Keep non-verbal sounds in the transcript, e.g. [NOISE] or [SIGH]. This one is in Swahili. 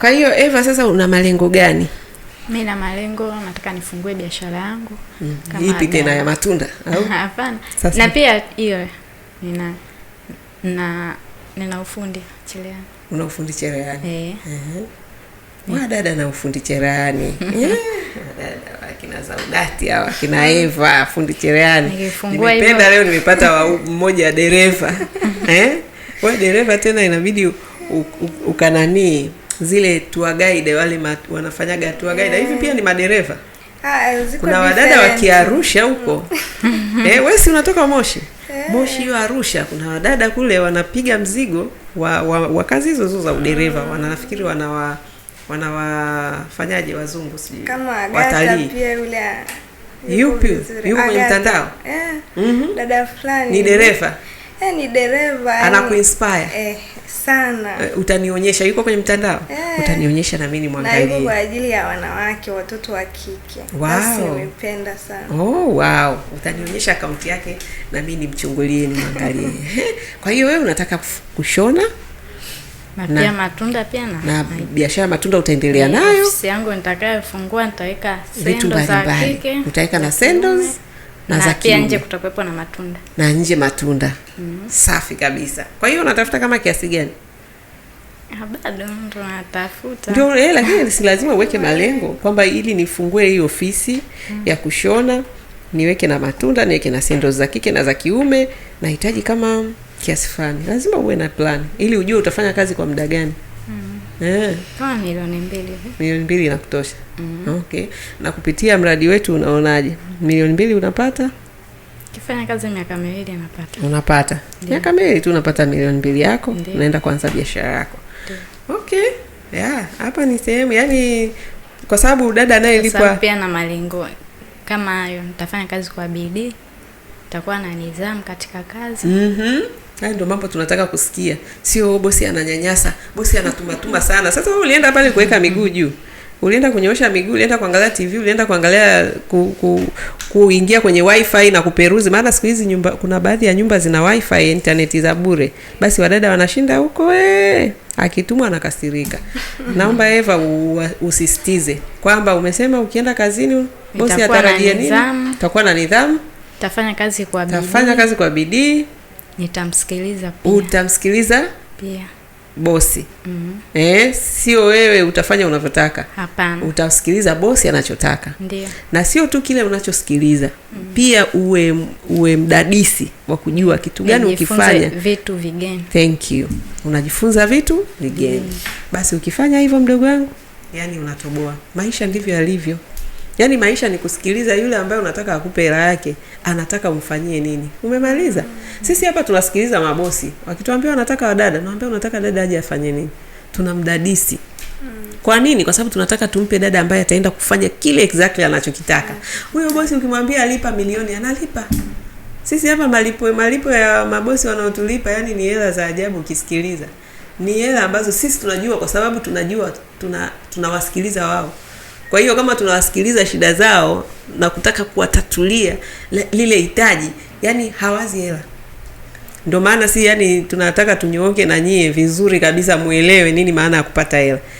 Kwa hiyo Eva, sasa una malengo gani? Mi na malengo nataka nifungue biashara yangu. Mm. Kama ipi tena ya matunda au? [LAUGHS] Hapana. Na pia hiyo nina na nina ufundi cherehani. Una ufundi cherehani? Eh. Eh. Mwadada na ufundi cherehani. [LAUGHS] Eh, dada akina Saudati hawa akina Eva fundi cherehani. Nimependa leo nimepata wa mmoja dereva. [LAUGHS] Eh? Wewe dereva tena inabidi ukananii zile tour guide wale ma, wanafanyaga tour guide hivi pia ni madereva ha, ah, eh, kuna wadada wa Kiarusha huko mm. [LAUGHS] eh, wewe si unatoka Moshi eh. Moshi hiyo Arusha, kuna wadada kule wanapiga mzigo wa, wa, wa kazi hizo hizo za udereva, mm. wananafikiri wanawa wanawafanyaje wazungu, sijui kama watalii yupi yupo kwenye mtandao, eh, mhm. dada fulani ni dereva Eh, ni dereva. Anakuinspire. Eh, sana. Uh, utanionyesha yuko kwenye mtandao? Eh, utanionyesha na mimi ni mwangalie. Na yuko kwa ajili ya wanawake, watoto wa kike. Wow. nimependa sana. Oh, wow. Utanionyesha akaunti yake na mimi nimchungulie mwangalie. [LAUGHS] kwa hiyo wewe unataka kushona? Na, pia matunda pia na, na biashara matunda utaendelea eh, nayo. Ofisi yangu nitakayofungua nitaweka sendo za kike. Utaweka na sendos. Kume na, za pia nje kutakuwepo na matunda na nje matunda. mm -hmm. Safi kabisa. Kwa hiyo unatafuta kama kiasi gani? Ah, bado mtu anatafuta ndio eh, lakini si lazima uweke malengo kwamba ili nifungue hii ofisi mm -hmm. ya kushona niweke na matunda niweke na sendo za kike na za kiume, nahitaji kama kiasi fulani. Lazima uwe na plan ili ujue utafanya kazi kwa muda gani. Eh. Kama milioni mbili. Milioni mbili inakutosha. Mm -hmm. Okay. Na kupitia mradi wetu unaonaje? Milioni mbili unapata? Kifanya kazi miaka miwili napata. Unapata. Miaka miwili tu unapata milioni mbili yako, Ndiyo. unaenda kuanza biashara yako. Ndiyo. Okay. Yeah, hapa ni sehemu yani kwa sababu dada anayelipwa pia na malengo kama hayo, nitafanya kazi kwa bidii, nitakuwa na nizamu katika kazi. mm-hmm Haya ndio mambo tunataka kusikia, sio bosi ananyanyasa, bosi anatumatuma sana. Sasa wewe ulienda pale kuweka miguu juu, ulienda kunyoosha miguu, ulienda kuangalia TV, ulienda kuangalia ku, ku, kuingia kwenye wifi na kuperuzi, maana siku hizi nyumba, kuna baadhi ya nyumba zina wifi, internet za bure. Basi wadada wanashinda huko eh, akitumwa anakasirika. Naomba Eva u, usistize kwamba umesema ukienda kazini bosi atarajia nini? Utakuwa na nidhamu, tafanya kazi kwa bidii, tafanya kazi kwa bidii Nitamsikiliza pia. Utamsikiliza pia bosi mm -hmm. Eh, sio wewe utafanya unavyotaka. Hapana, utasikiliza bosi anachotaka. Ndiyo. Na sio tu kile unachosikiliza mm -hmm. Pia uwe uwe mdadisi wa kujua kitu gani ukifanya vitu vigeni. Thank you, unajifunza vitu vigeni mm -hmm. Basi ukifanya hivyo, mdogo wangu, yani unatoboa maisha, ndivyo yalivyo. Yaani maisha ni kusikiliza yule ambaye unataka akupe hela yake, anataka umfanyie nini? Umemaliza. mm-hmm. Sisi hapa tunasikiliza mabosi. Wakituambia wanataka wadada, naambia unataka dada aje afanye nini? Tunamdadisi. Mm. Kwa nini? Kwa sababu tunataka tumpe dada ambaye ataenda kufanya kile exactly anachokitaka. Mm. Huyo bosi ukimwambia alipa milioni, analipa. Sisi hapa malipo malipo ya mabosi wanaotulipa yani ni hela za ajabu ukisikiliza. Ni hela ambazo sisi tunajua kwa sababu tunajua tuna tunawasikiliza wao. Kwa hiyo kama tunawasikiliza shida zao na kutaka kuwatatulia lile hitaji, yani hawazi hela. Ndio maana si yani tunataka tunyooke na nyie vizuri kabisa, muelewe nini maana ya kupata hela.